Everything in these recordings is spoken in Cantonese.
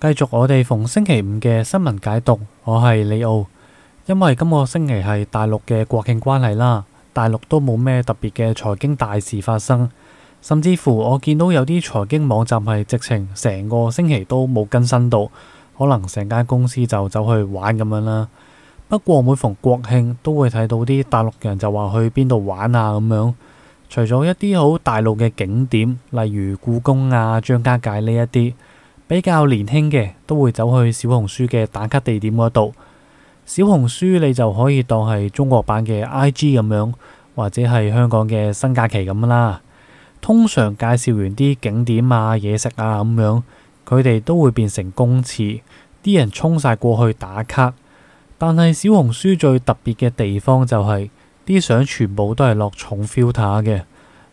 繼續我哋逢星期五嘅新聞解讀，我係李奧。因為今個星期係大陸嘅國慶關係啦，大陸都冇咩特別嘅財經大事發生，甚至乎我見到有啲財經網站係直情成個星期都冇更新到，可能成間公司就走去玩咁樣啦。不過每逢國慶都會睇到啲大陸人就話去邊度玩啊咁樣，除咗一啲好大陸嘅景點，例如故宮啊、張家界呢一啲。比較年輕嘅都會走去小紅書嘅打卡地點嗰度，小紅書你就可以當係中國版嘅 IG 咁樣，或者係香港嘅新假期咁啦。通常介紹完啲景點啊、嘢食啊咁樣，佢哋都會變成公廁，啲人衝晒過去打卡。但係小紅書最特別嘅地方就係啲相全部都係落重 filter 嘅，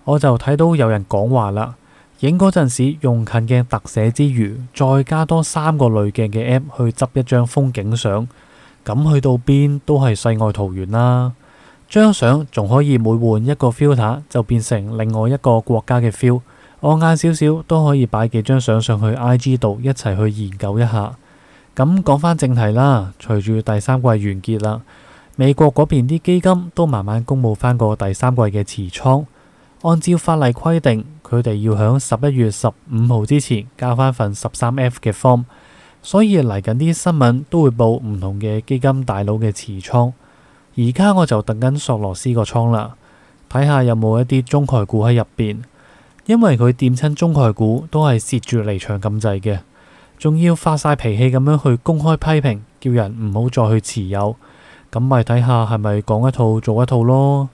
我就睇到有人講話啦。影嗰陣時用近鏡特寫之餘，再加多三個濾鏡嘅 app 去執一張風景相，咁去到邊都係世外桃源啦。張相仲可以每換一個 filter 就變成另外一個國家嘅 feel，我眼少少都可以擺幾張相上去 IG 度一齊去研究一下。咁講翻正題啦，隨住第三季完結啦，美國嗰邊啲基金都慢慢公布翻個第三季嘅持倉。按照法例規定，佢哋要喺十一月十五號之前交翻份十三 F 嘅 form，所以嚟緊啲新聞都會報唔同嘅基金大佬嘅持倉。而家我就特登索羅斯個倉啦，睇下有冇一啲中概股喺入邊，因為佢掂親中概股都係蝕住離場咁滯嘅，仲要發晒脾氣咁樣去公開批評，叫人唔好再去持有，咁咪睇下係咪講一套做一套咯。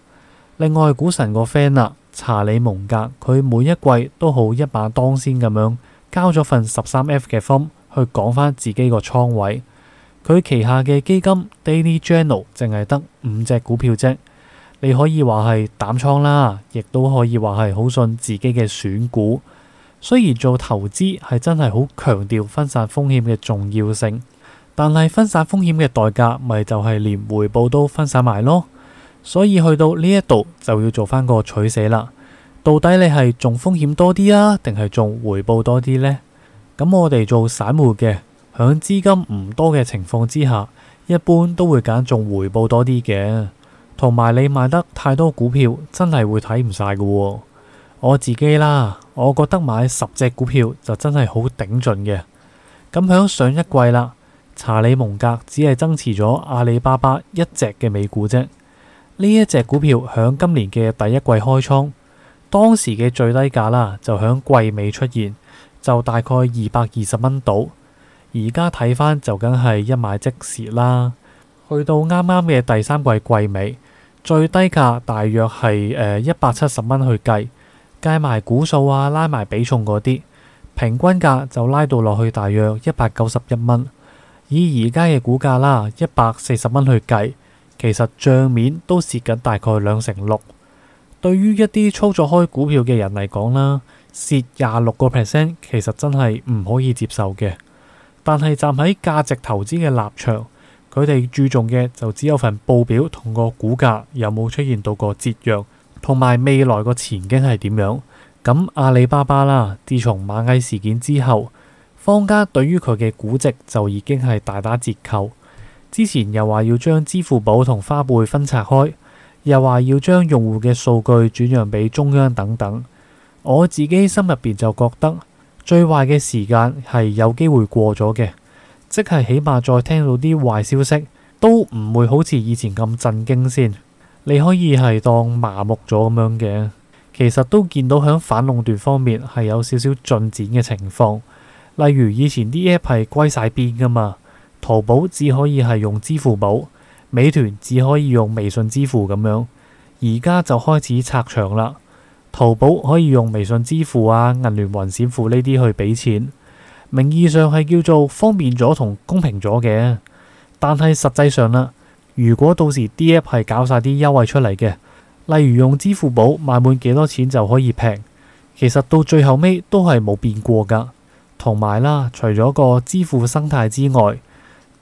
另外，股神個 friend 啦、啊。查理蒙格佢每一季都好一馬當先咁樣交咗份十三 F 嘅 form，去講返自己個倉位，佢旗下嘅基金 Daily Journal 淨係得五隻股票啫。你可以話係膽倉啦，亦都可以話係好信自己嘅選股。雖然做投資係真係好強調分散風險嘅重要性，但係分散風險嘅代價咪就係連回報都分散埋咯。所以去到呢一度就要做翻個取捨啦。到底你係重風險多啲啊，定係重回報多啲呢？咁我哋做散戶嘅，響資金唔多嘅情況之下，一般都會揀重回報多啲嘅。同埋你買得太多股票，真係會睇唔晒㗎。我自己啦，我覺得買十隻股票就真係好頂盡嘅。咁響上一季啦，查理蒙格只係增持咗阿里巴巴一隻嘅美股啫。呢一隻股票響今年嘅第一季開倉，當時嘅最低價啦，就響季尾出現，就大概二百二十蚊到。而家睇翻就梗係一買即蝕啦。去到啱啱嘅第三季季尾，最低價大約係誒一百七十蚊去計，計埋股數啊，拉埋比重嗰啲，平均價就拉到落去大約一百九十一蚊。以而家嘅股價啦，一百四十蚊去計。其實賬面都蝕緊大概兩成六，對於一啲操作開股票嘅人嚟講啦，蝕廿六個 percent，其實真係唔可以接受嘅。但係站喺價值投資嘅立場，佢哋注重嘅就只有份報表同個股價有冇出現到個折讓，同埋未來個前景係點樣。咁阿里巴巴啦，自從螞蟻事件之後，方家對於佢嘅估值就已經係大打折扣。之前又話要將支付寶同花唄分拆開，又話要將用戶嘅數據轉讓俾中央等等，我自己心入邊就覺得最壞嘅時間係有機會過咗嘅，即係起碼再聽到啲壞消息都唔會好似以前咁震驚先。你可以係當麻木咗咁樣嘅，其實都見到喺反壟斷方面係有少少進展嘅情況，例如以前啲 app 係歸晒邊噶嘛。淘寶只可以係用支付寶，美團只可以用微信支付咁樣。而家就開始拆牆啦，淘寶可以用微信支付啊、銀聯雲閃付呢啲去俾錢，名義上係叫做方便咗同公平咗嘅。但係實際上啦，如果到時啲 app 係搞晒啲優惠出嚟嘅，例如用支付寶買滿幾多錢就可以平，其實到最後尾都係冇變過噶。同埋啦，除咗個支付生態之外，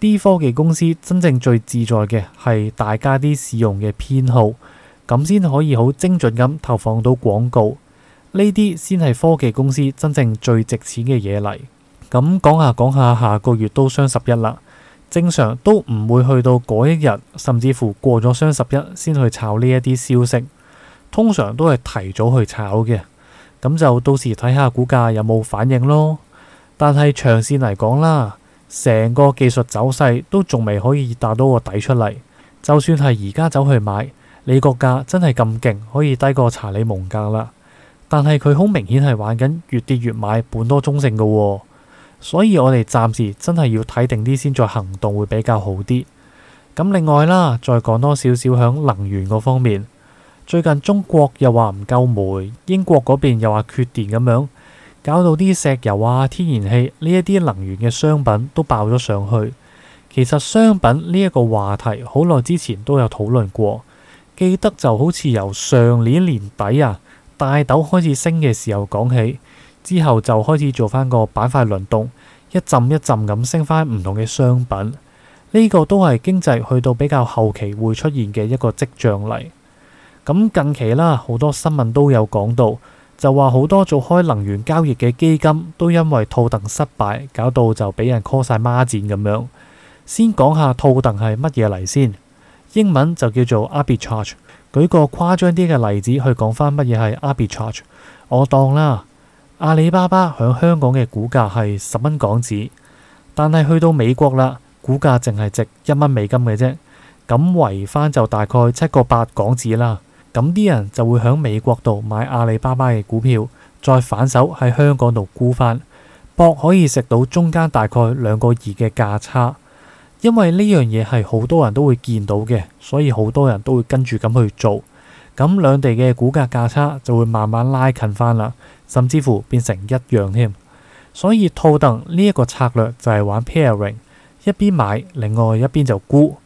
啲科技公司真正最自在嘅係大家啲使用嘅偏好，咁先可以好精準咁投放到廣告。呢啲先係科技公司真正最值錢嘅嘢嚟。咁講下講下，下個月都雙十一啦，正常都唔會去到嗰一日，甚至乎過咗雙十一先去炒呢一啲消息。通常都係提早去炒嘅，咁就到時睇下股價有冇反應咯。但係長線嚟講啦。成個技術走勢都仲未可以打到個底出嚟，就算係而家走去買，你個價真係咁勁，可以低過查理蒙格啦。但係佢好明顯係玩緊越跌越買，半多中性嘅，哦。所以我哋暫時真係要睇定啲先再行動會比較好啲。咁另外啦，再講多少少響能源個方面，最近中國又話唔夠煤，英國嗰邊又話缺電咁樣。搞到啲石油啊、天然氣呢一啲能源嘅商品都爆咗上去。其實商品呢一個話題好耐之前都有討論過，記得就好似由上年年底啊大豆開始升嘅時候講起，之後就開始做翻個板塊輪動，一浸一浸咁升翻唔同嘅商品。呢個都係經濟去到比較後期會出現嘅一個跡象嚟。咁近期啦，好多新聞都有講到。就話好多做開能源交易嘅基金都因為套戥失敗，搞到就俾人 call 晒孖展咁樣。先講下套戥係乜嘢嚟先，英文就叫做 arbitrage。舉個誇張啲嘅例子去講翻乜嘢係 arbitrage。我當啦，阿里巴巴響香港嘅股價係十蚊港紙，但係去到美國啦，股價淨係值一蚊美金嘅啫，咁圍翻就大概七個八港紙啦。咁啲人就會喺美國度買阿里巴巴嘅股票，再反手喺香港度沽翻，博可以食到中間大概兩個二嘅價差。因為呢樣嘢係好多人都會見到嘅，所以好多人都會跟住咁去做。咁兩地嘅股價價差就會慢慢拉近翻啦，甚至乎變成一樣添。所以套戥呢一個策略就係玩 pairing，一邊買，另外一邊就沽。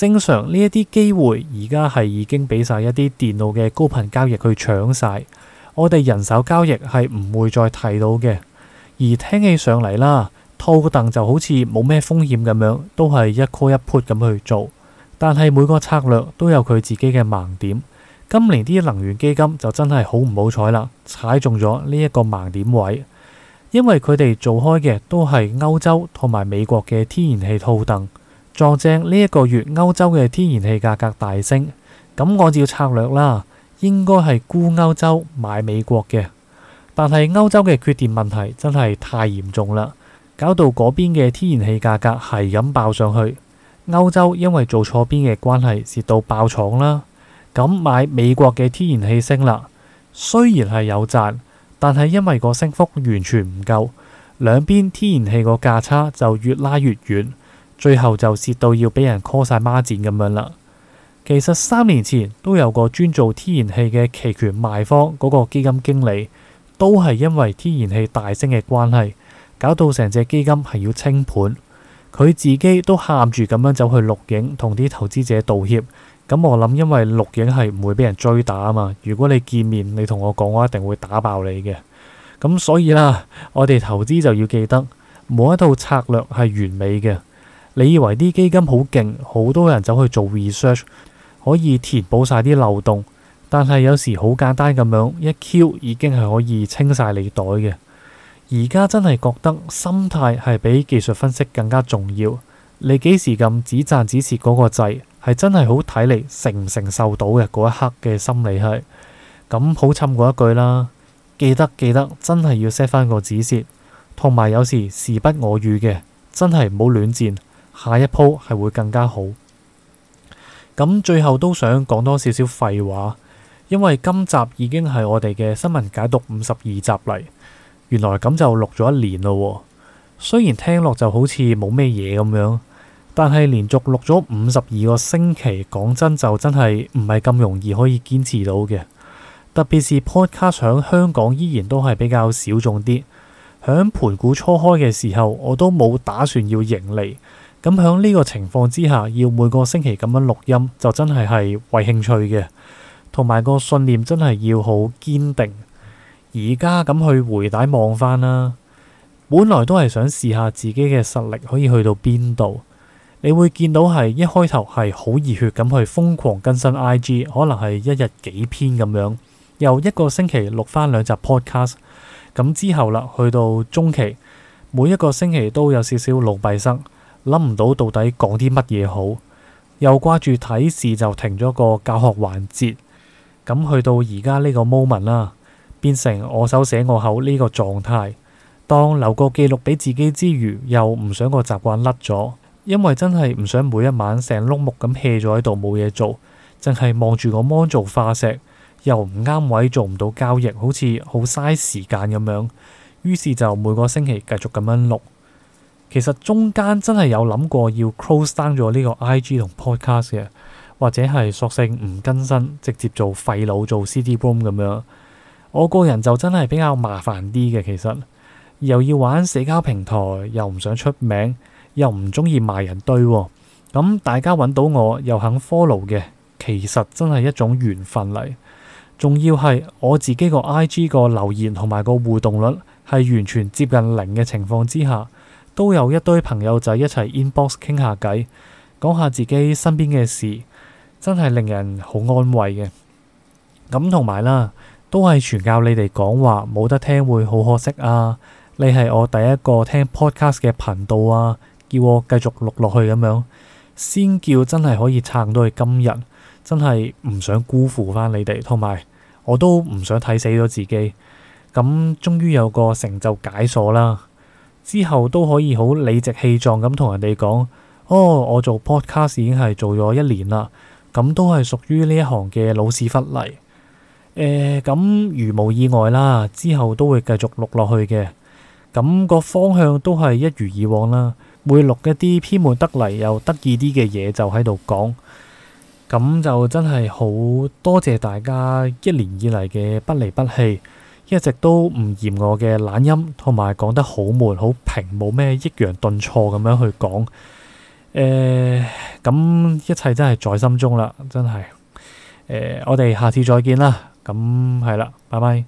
正常呢一啲機會，而家係已經俾晒一啲電腦嘅高頻交易去搶晒，我哋人手交易係唔會再睇到嘅。而聽起上嚟啦，套凳就好似冇咩風險咁樣，都係一 call 一 put 咁去做。但係每個策略都有佢自己嘅盲點。今年啲能源基金就真係好唔好彩啦，踩中咗呢一個盲點位，因為佢哋做開嘅都係歐洲同埋美國嘅天然氣套凳。撞正呢一、這個月歐洲嘅天然氣價格大升，咁按照策略啦，應該係沽歐洲買美國嘅。但係歐洲嘅缺電問題真係太嚴重啦，搞到嗰邊嘅天然氣價格係咁爆上去，歐洲因為做錯邊嘅關係，蝕到爆廠啦。咁買美國嘅天然氣升啦，雖然係有賺，但係因為個升幅完全唔夠，兩邊天然氣個價差就越拉越遠。最後就蝕到要俾人 call 晒孖展咁樣啦。其實三年前都有個專做天然氣嘅期權賣方嗰個基金經理，都係因為天然氣大升嘅關係，搞到成隻基金係要清盤，佢自己都喊住咁樣走去錄影，同啲投資者道歉。咁我諗，因為錄影係唔會俾人追打啊嘛。如果你見面，你同我講，我一定會打爆你嘅。咁所以啦，我哋投資就要記得冇一套策略係完美嘅。你以為啲基金好勁，好多人走去做 research，可以填補晒啲漏洞。但係有時好簡單咁樣一 Q 已經係可以清晒你的袋嘅。而家真係覺得心態係比技術分析更加重要。你幾時咁止賺止蝕嗰個掣，係真係好睇，你承唔承受到嘅嗰一刻嘅心理係咁好。冚過一句啦，記得記得真係要 set 翻個止蝕，同埋有，有時時不我與嘅，真係唔好亂戰。下一鋪係會更加好。咁最後都想講多少少廢話，因為今集已經係我哋嘅新聞解讀五十二集嚟，原來咁就錄咗一年咯。雖然聽落就好似冇咩嘢咁樣，但係連續錄咗五十二個星期，講真就真係唔係咁容易可以堅持到嘅。特別是 Podcast 喺香港依然都係比較小眾啲。喺盤古初開嘅時候，我都冇打算要盈利。咁響呢個情況之下，要每個星期咁樣錄音，就真係係為興趣嘅，同埋個信念真係要好堅定。而家咁去回帶望翻啦，本來都係想試下自己嘅實力可以去到邊度。你會見到係一開頭係好熱血咁去瘋狂更新 IG，可能係一日幾篇咁樣，又一個星期錄翻兩集 podcast。咁之後啦，去到中期，每一個星期都有少少勞弊失。諗唔到到底講啲乜嘢好，又掛住睇視就停咗個教學環節。咁去到而家呢個 moment 啦、啊，變成我手寫我口呢個狀態。當留個記錄俾自己之餘，又唔想個習慣甩咗，因為真係唔想每一晚成碌木咁 hea 咗喺度冇嘢做，淨係望住個 mon 做化石，又唔啱位做唔到交易，好似好嘥時間咁樣。於是就每個星期繼續咁樣錄。其實中間真係有諗過要 close down 咗呢個 IG 同 Podcast 嘅，或者係索性唔更新，直接做廢佬做 CD Boom 咁樣。我個人就真係比較麻煩啲嘅。其實又要玩社交平台，又唔想出名，又唔中意埋人堆、哦。咁、嗯、大家揾到我又肯 follow 嘅，其實真係一種緣分嚟。仲要係我自己個 IG 個留言同埋個互動率係完全接近零嘅情況之下。都有一堆朋友仔一齊 inbox 傾下偈，講下自己身邊嘅事，真係令人好安慰嘅。咁同埋啦，都係全靠你哋講話，冇得聽會好可惜啊！你係我第一個聽 podcast 嘅頻道啊，叫我繼續錄落去咁樣，先叫真係可以撐到去今日，真係唔想辜負翻你哋，同埋我都唔想睇死咗自己。咁終於有個成就解鎖啦！之後都可以好理直氣壯咁同人哋講，哦，我做 podcast 已經係做咗一年啦，咁都係屬於呢一行嘅老屎忽嚟，誒、呃，咁如無意外啦，之後都會繼續錄落去嘅，咁個方向都係一如以往啦，會錄一啲偏門得嚟又得意啲嘅嘢就喺度講，咁就真係好多謝大家一年以嚟嘅不離不棄。一直都唔嫌我嘅懶音，同埋講得好悶、好平，冇咩抑揚頓挫咁樣去講。誒、呃，咁一切真係在心中啦，真係。誒、呃，我哋下次再見啦。咁係啦，拜拜。